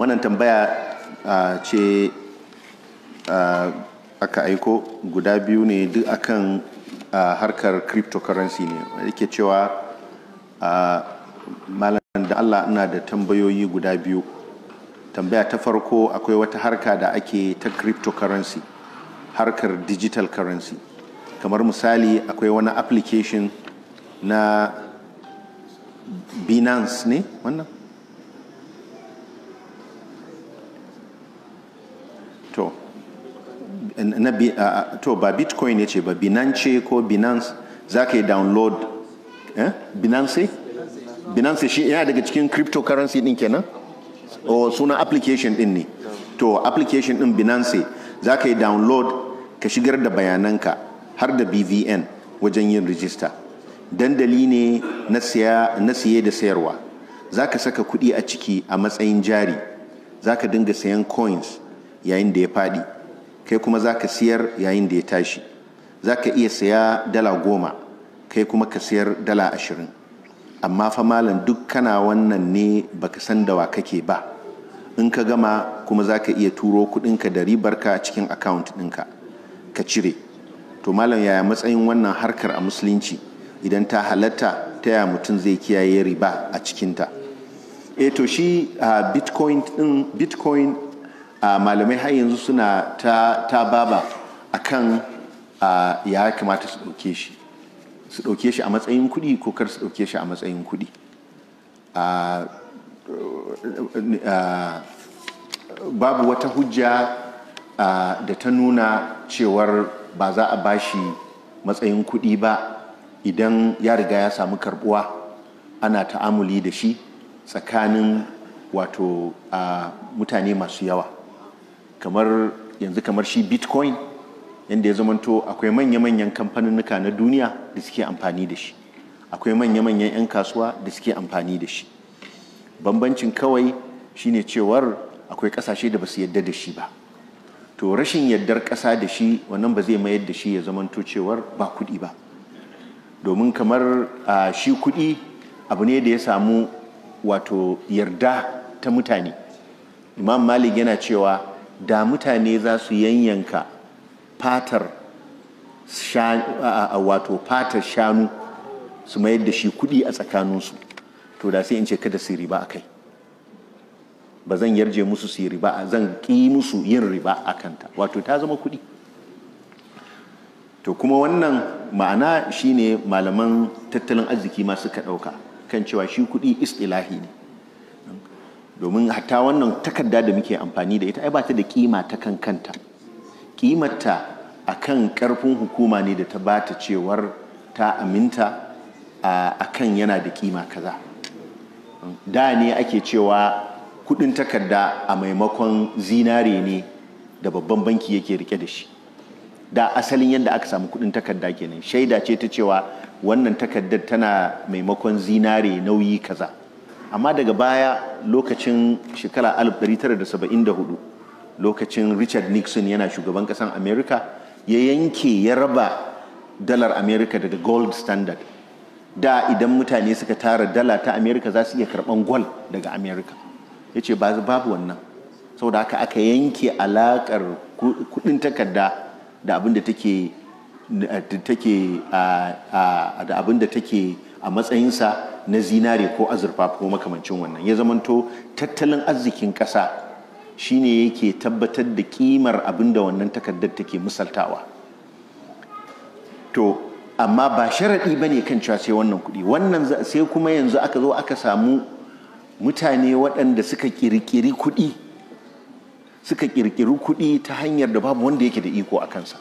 wannan tambaya ce aka aiko guda biyu ne duk akan harkar cryptocurrency ne yake cewa malam da Allah ina da tambayoyi guda biyu tambaya ta farko akwai wata harka da ake ta cryptocurrency harkar digital currency kamar misali akwai wani application na binance ne wannan to na to ba bitcoin ya ce ba binance ko binance za ka yi download eh? binance binance shi yana daga cikin cryptocurrency din kenan o oh, suna application din ne to application din binance za ka yi download ka shigar da bayananka har da bvn wajen yin rijista dandali ne na siye da sayarwa za ka saka kuɗi a ciki a matsayin jari za ka dinga sayan coins yayin da ya faɗi kai kuma za ka siyar yayin da ya tashi za ka iya saya dala goma kai kuma ka siyar dala ashirin amma fa malam duk kana wannan ne baka san da wa kake ba in ka gama kuma za ka iya turo kudinka da ribarka cikin akawunt ɗinka ka cire to malam yaya matsayin wannan harkar a musulunci idan ta halatta ta ya mutum zai kiyaye riba a cikinta e to shi ah, bitcoin ɗin bitcoin A malamai har yanzu suna ta, ta baba kan ya kamata su ɗauke shi su ɗauke shi a matsayin kuɗi ko kar su ɗauke shi a matsayin kuɗi babu wata hujja da ta nuna cewar ba za a bashi matsayin kuɗi ba idan ya riga ya samu karbuwa ana ta'amuli da shi tsakanin wato mutane masu yawa kamar yanzu kamar shi bitcoin yadda ya zamanto akwai manya-manyan kamfaninnuka na duniya da suke amfani da shi akwai manya-manyan 'yan kasuwa da suke amfani da shi bambancin kawai shine cewar akwai kasashe da ba su yadda da shi ba to rashin yardar ƙasa da shi wannan ba zai mayar da shi ya zamanto cewar ba kuɗi ba domin kamar shi kuɗi abu ne da ya samu wato yarda ta mutane imam malik yana cewa da mutane za su yanyanka fatar wato fatar shanu su mayar da shi kuɗi a tsakaninsu to da sai in ce kada su riba a kai ba zan yarje musu su riba zan ƙi musu yin riba a kanta wato ta zama kuɗi to kuma wannan ma'ana shine malaman tattalin arziki ma suka ɗauka kan cewa shi kuɗi istilahi ne domin hatta wannan takarda da muke amfani da ita ai ba ta da kima ta kan kanta kimarta a kan karfin hukuma ne da ta ba ta cewar ta aminta a kan yana da kima kaza da ne ake cewa kudin takarda a maimakon zinare ne da babban banki yake rike da shi da asalin yadda aka samu kudin takarda kenan shaida ce ta cewa wannan takardar tana maimakon zinare nauyi kaza amma daga baya lokacin shekara 1974 lokacin richard nixon yana shugaban kasan america ya yanke ya raba dalar america daga gold standard da idan mutane suka tara dala ta america za su iya karban gwal daga america ya ce babu wannan saboda haka aka yanke alakar kudin takarda da abinda take da abin take a matsayinsa na zinare ko azurfa ko makamancin wannan ya zamanto tattalin arzikin ƙasa shine yake tabbatar da kimar abinda wannan takardar take misaltawa to amma ba sharaɗi ba ne kan cewa sai wannan kuɗi wannan sai kuma yanzu aka zo aka samu mutane waɗanda suka ƙirƙiri kuɗi suka ƙirƙiri kuɗi ta hanyar da babu wanda yake da iko a kansa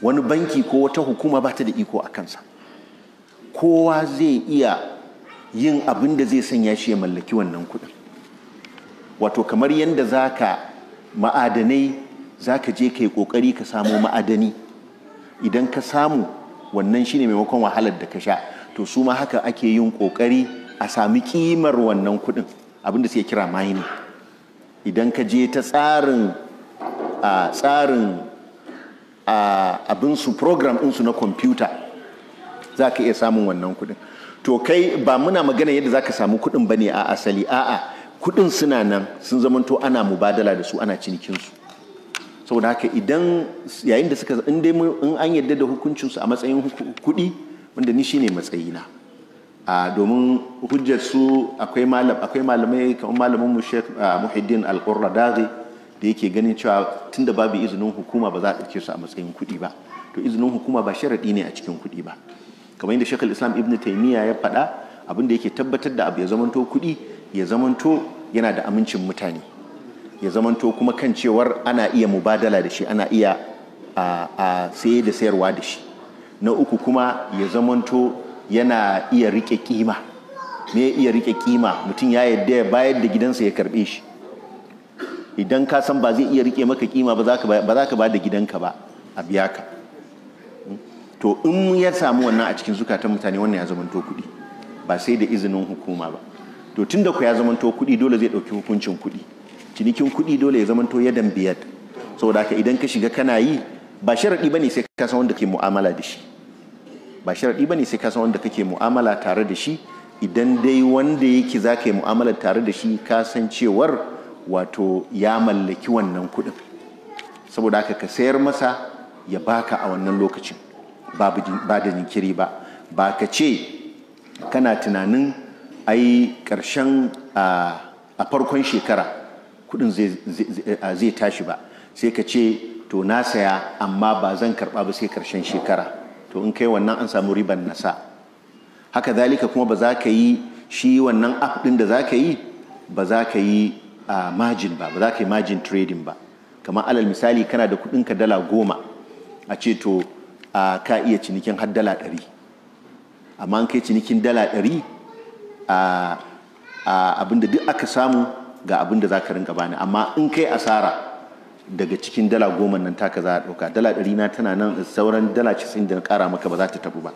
wani banki ko wata hukuma ba ta da iko a kansa kowa zai iya yin abin da zai sanya shi ya mallaki wannan kuɗin wato kamar yadda za ka ma'adanai za ka je ka yi ƙoƙari ka samo ma'adani idan ka samu wannan shine maimakon wahalar da ka sha to su ma haka ake yin ƙoƙari a sami ƙimar wannan kuɗin abin da suke kira mining idan ka je ta tsarin a tsarin abinsu program ɗinsu na kwamfuta za ka iya samun wannan kuɗin to kai ba muna magana yadda za ka samu kuɗin ba ne a asali a'a kuɗin suna nan sun zamanto ana mubadala da su ana cinikinsu saboda haka idan yayin da suka in dai in an yarda da hukuncinsu a matsayin kuɗi wanda ni shine matsayina a domin hujjar su akwai akwai malamai kamar malamin mu Sheikh Muhiddin Al-Qurradaghi da yake ganin cewa tunda babu izinin hukuma ba za a ɗauke su a matsayin kuɗi ba to izinin hukuma ba sharaɗi ne a cikin kuɗi ba kamar yadda shekul islam ibn taimiyya ya faɗa abin da yake tabbatar da abu ya zamanto kuɗi ya zamanto yana da amincin mutane ya zamanto kuma kan cewar ana iya mubadala da shi ana iya a saye da sayarwa da shi na uku kuma ya zamanto yana iya rike kima me iya rike kima mutum ya yadda ya bayar da gidansa ya karbe shi idan ka san ba zai iya rike maka kima ba za ka ba da gidanka ba a biya ka to in ya samu wannan a cikin zukatan mutane wannan ya zamanto kuɗi ba sai da izinin hukuma ba to tun da ku ya zamanto kuɗi dole zai ɗauki hukuncin kuɗi cinikin kuɗi dole ya zamanto yadan biyar saboda haka idan ka shiga kana yi ba sharaɗi bane sai ka san wanda kake mu'amala da shi ba sharaɗi bane sai ka san wanda kake mu'amala tare da shi idan dai wanda yake za ka yi mu'amala tare da shi ka san cewar wato ya mallaki wannan kuɗin saboda haka ka sayar masa ya baka a wannan lokacin ba da jinkiri ba ba ka ce kana tunanin a yi ƙarshen a farkon shekara kudin zai tashi ba sai ka ce to na saya amma ba zan karɓa ba sai ƙarshen shekara to in kai wannan an samu riban nasa haka zalika kuma ba za ka yi shi wannan app ɗin da za ka yi ba za ka yi margin ba ba za ka yi margin trading ba kamar alal misali kana da kuɗinka dala goma a ce to a ka iya cinikin har dala ɗari amma an kai cinikin dala ɗari a abinda duk aka samu ga abinda za ka rinka bani amma in kai asara daga cikin dala goma nan taka za a ɗauka dala ɗari na tana nan sauran dala cisin da na ƙara maka ba za ta tafi ba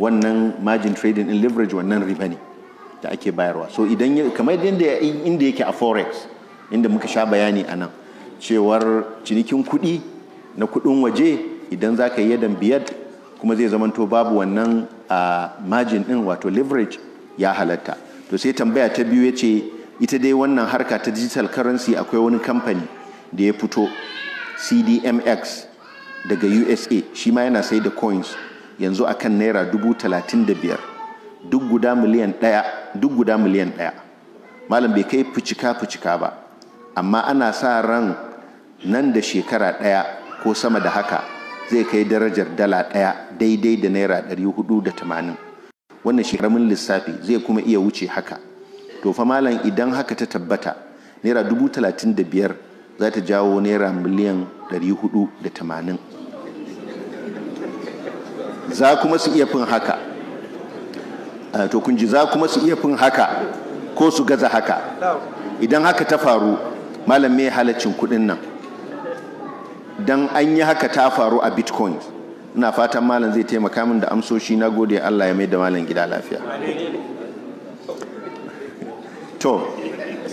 wannan margin trading in leverage wannan riba ne da ake bayarwa so idan kamar yadda inda yake a forex inda muka sha bayani a nan cewar cinikin kuɗi na kuɗin waje idan za ka yi yadan biyar kuma zai zamanto babu wannan a margin din wato leverage ya halatta to sai tambaya ta biyu ya ce ita dai wannan harka ta digital currency akwai wani kamfani da ya fito cdmx daga usa shi ma yana sai da coins yanzu a kan naira dubu talatin da biyar duk guda miliyan ɗaya duk guda miliyan ɗaya malam bai kai fucika fucika ba amma ana sa ran nan da shekara ɗaya ko sama da haka zai kai darajar dala ɗaya daidai da naira ɗari hudu da tamanin wannan shekaramin lissafi zai kuma iya wuce haka to fa malam idan haka ta tabbata naira dubu talatin da biyar za ta jawo naira miliyan ɗari hudu da tamanin za kuma su iya fin haka eh, to kun ji za kuma su iya fin haka ko su gaza haka idan haka ta faru malam me halaccin kuɗin nan don an yi haka ta faru a bitcoin ina fatan malam zai taimaka min da amsoshi na gode Allah ya mai da malam gida lafiya to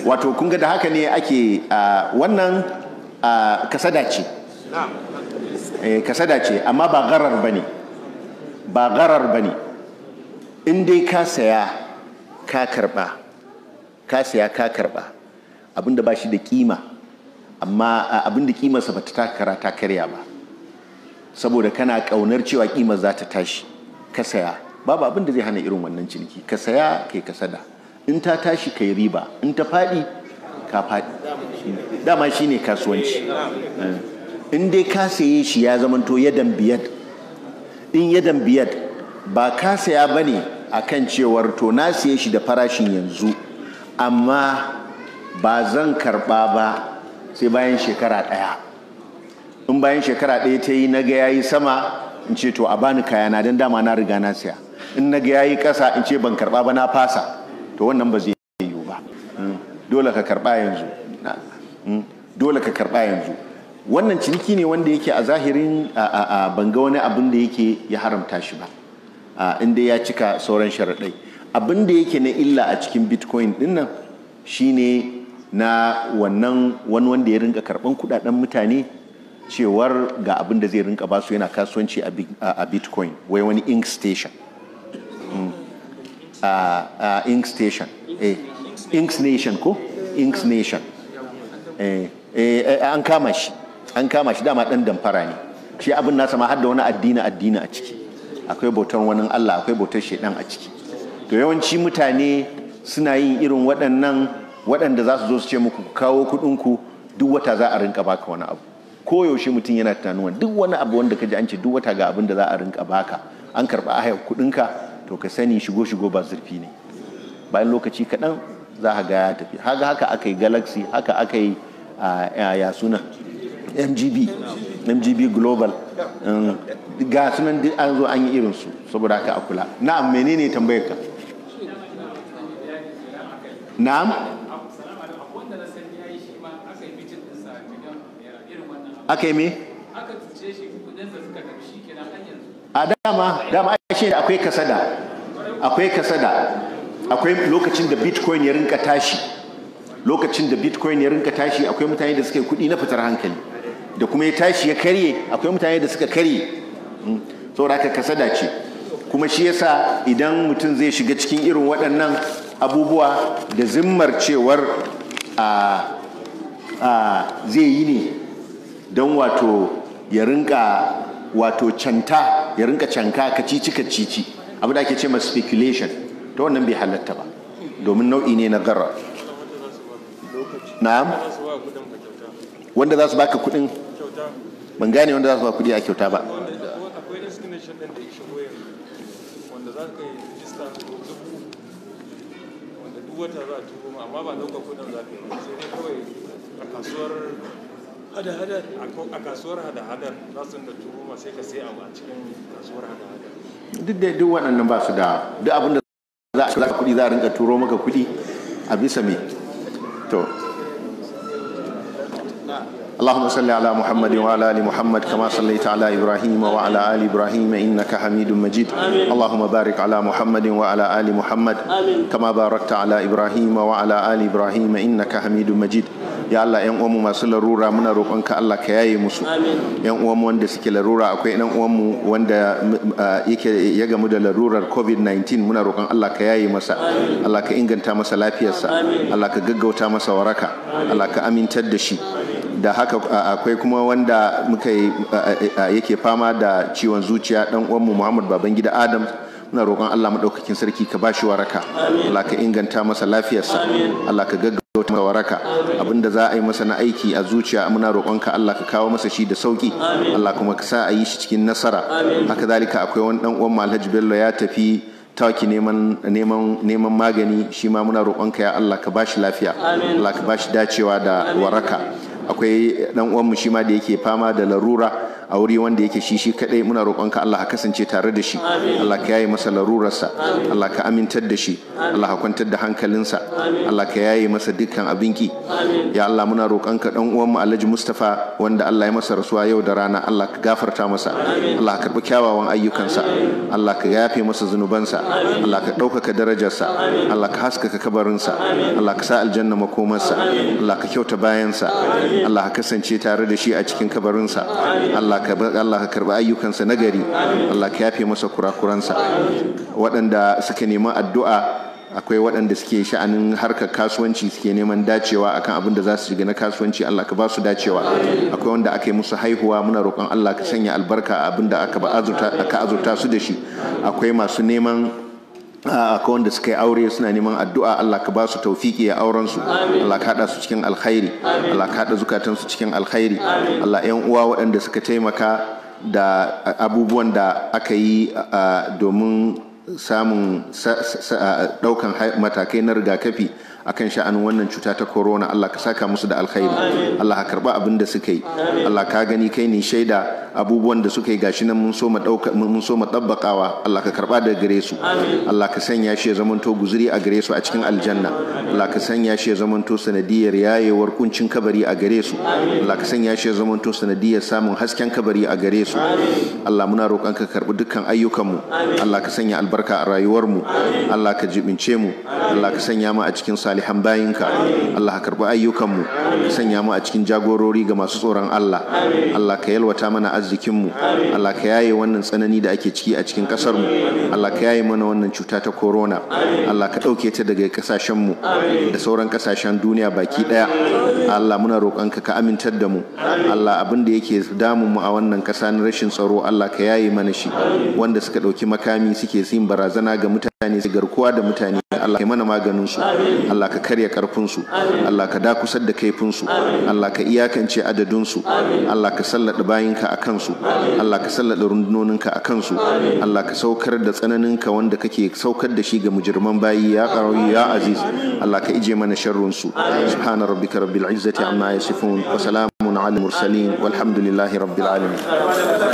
wato kun ga da haka ne ake wannan kasada ce eh, kasada ce amma ba garar ba ne ba garar ba ne in dai ka saya ka karba ka saya ka karba abinda ba shi da kima amma abin da kimarsa bata ta takara ta karya ba saboda kana kaunar cewa kimar za ta tashi ka saya babu abin da zai hana irin wannan ciniki ka saya kai ka sada in ta tashi kai riba in ta faɗi ka faɗi dama shine kasuwanci eh. in dai ka saye shi ya zamanto yadan biyar in yadan biyar ba ka saya bane akan cewar to na saye shi da farashin yanzu amma ba zan karba ba sai bayan shekara ɗaya in bayan shekara ɗaya ta yi na ga yayi sama in ce to a bani kayana don dama na riga na siya in na ga yayi ƙasa in ce ban karɓa ba na fasa to wannan ba zai yiwu ba hmm. dole ka karɓa yanzu hmm. dole ka karɓa yanzu wannan ciniki ne wanda yake a zahirin ban ga wani abin da yake ya haramta shi ba inda ya cika sauran sharaɗai abin da yake na illa a cikin bitcoin ɗin nan shine na wannan wani wanda ya rinka karban kudaden mutane cewar ga abin da zai rinka basu yana kasuwanci a bitcoin wai wani ink station mm. a ink station eh nation ko ink nation eh, eh, an kama shi an kama shi dama dan damfara ne shi abin nasa ma har da wani addini addini a ciki akwai bautar wani Allah akwai bautar shedan a ciki to yawanci mutane suna yin irin waɗannan waɗanda za su zo su ce muku kawo kuɗinku duk wata za a rinka baka wani abu ko yaushe mutum yana tunanin duk wani abu wanda kaji an ce duk wata ga abin da za a rinka baka an karɓa a kuɗinka to ka sani shigo shigo ba zurfi ne bayan lokaci kaɗan za ka ga ya tafi haka haka aka yi galaxy haka aka yi ya suna mgb mgb global um, ga sunan duk an zo an yi irinsu saboda haka a kula na'am menene tambayar ka na'am aka yi me a dama dama ai da akwai kasada akwai kasada akwai lokacin da bitcoin ya rinka tashi lokacin da bitcoin ya rinka tashi akwai mutane da suka yi kuɗi na fitar hankali da kuma ya tashi ya karye akwai mutane da suka karye hmm. saboda haka kasada ce kuma shi yasa idan mutum zai shiga cikin irin waɗannan abubuwa da zimmar cewar ah, ah, zai yi ne don wato ya rinka wato canta ya rinka canka ka cici ka cici abu da ake ce ma speculation ta wannan bai halatta ba domin nau'i ne na gara na'am wanda za su baka kudin ban gane wanda za su baka kudi a kyauta ba wata za a tuhu amma ba ɗaukar kudin yi sai ne kawai a kasuwar hada-hadar a kasuwar hada-hadar da turuma sai ka sai a cikin kasuwar hada-hadar duk da duk waɗannan ba su da duk abin da za a za kuɗi za a rinka turo maka kuɗi a bisa me to اللهم صل على محمد وعلى ال محمد كما صليت على ابراهيم وعلى ال ابراهيم انك حميد مجيد آمين. اللهم بارك على محمد وعلى ال محمد آمين. كما باركت على ابراهيم وعلى ال ابراهيم انك ya Allah yan uwanmu masu larura muna roƙonka Allah ka yaye musu yan uwanmu wanda suke larura akwai yan uwanmu wanda yake ya gamu da larurar covid-19 muna roƙon Allah ka yaye masa Allah ka inganta masa lafiyarsa Allah ka gaggauta masa waraka Allah ka amintar da shi da haka akwai kuma wanda muka yake fama da ciwon zuciya dan uwanmu Muhammad Babangida Adam muna roƙon Allah maɗaukakin sarki ka bashi waraka Allah ka inganta masa lafiyarsa Allah ka gaggauta masa waraka abinda za a yi masa na aiki a zuciya muna roƙonka Allah ka kawo masa shi da sauki Allah kuma ka sa a yi shi cikin nasara haka zalika akwai wani dan uwan Alhaji Bello ya tafi taki neman magani shi ma muna roƙonka ya Allah ka bashi lafiya Allah ka bashi dacewa da waraka akwai dan uwanmu shi ma da yake fama da larura a wuri wanda yake shi shi kadai muna roƙonka Allah ka kasance tare da shi Allah ka yaye masa larurarsa Allah ka amintar da shi Allah ka kwantar da hankalinsa Allah ka yaye masa dukkan abinki ya Allah muna roƙonka dan uwan mu Alhaji Mustafa wanda Allah ya masa rasuwa yau da rana Allah ka gafarta masa Allah ka karbi kyawawan ayyukansa Allah ka yafe masa zunubansa Allah ka ɗaukaka darajarsa Allah ka haskaka kabarinsa Allah ka sa aljanna makomarsa Allah ka kyauta bayansa Allah ka kasance tare da shi a cikin kabarinsa Allah Allah ka Allah ka karba ayyukansa nagari Allah ka yafe masa kurakuransa waɗanda suka neman addu'a akwai waɗanda suke sha'anin harkar kasuwanci suke neman dacewa akan abin da za su shiga na kasuwanci Allah ka ba su dacewa akwai wanda aka yi musu haihuwa muna roƙon Allah ka sanya albarka a abin da aka azurta su da shi akwai masu neman akwai wanda suka yi aure suna neman addu'a Allah ka ba su taufiki ya auren su Allah ka hada su cikin alkhairi Allah ka hada zukatan su cikin alkhairi Allah yan uwa waɗanda suka taimaka da abubuwan da aka yi domin samun ɗaukan matakai na rigakafi akan sha'anin wannan cuta ta corona Allah ka saka musu da alkhairi Allah ka karba abin da suka yi Allah ka gani kai ne shaida abubuwan da suka yi gashi nan mun so mu dauka mun so mu tabbakawa Allah ka karba da gare su Allah ka sanya shi ya zamanto guzuri a gare su a cikin aljanna Allah ka sanya shi ya zamanto sanadiyar yayewar kuncin kabari a gare su Allah ka sanya shi ya zamanto sanadiyar samun hasken kabari a gare su Allah muna roƙon ka karbi dukkan ayyukanmu Allah ka sanya albarka a rayuwarmu Allah ka jibince mu Allah ka sanya mu a cikin salih salihan bayinka Allah ka karbi ayyukanmu sanya mu a cikin jagorori ga masu tsoron Allah Allah ka yalwata mana arzikinmu Allah ka yaye wannan tsanani da ake ciki a cikin kasar mu Allah ka yaye mana wannan cuta ta corona Allah ka ɗauke ta daga kasashen mu da sauran kasashen duniya baki ɗaya Allah muna roƙonka ka amintar da mu Allah abin da yake damun mu a wannan ƙasa na rashin tsaro Allah ka yaye mana shi wanda suka ɗauki makami suke yin barazana ga mutane mutane su garkuwa da mutane Allah kai mana maganin su Allah ka karya karfin su Allah ka da dakusar da kaifin su Allah ka iyakance adadin su Allah ka sallada bayinka akan su Allah ka sallada rundunoninka akan su Allah ka saukar da tsananinka wanda kake saukar da shi ga mujirman bayi ya qarawi ya aziz Allah ka ije mana sharrun su subhana rabbika rabbil izzati amma yasifun wa salamun alal mursalin walhamdulillahi rabbil alamin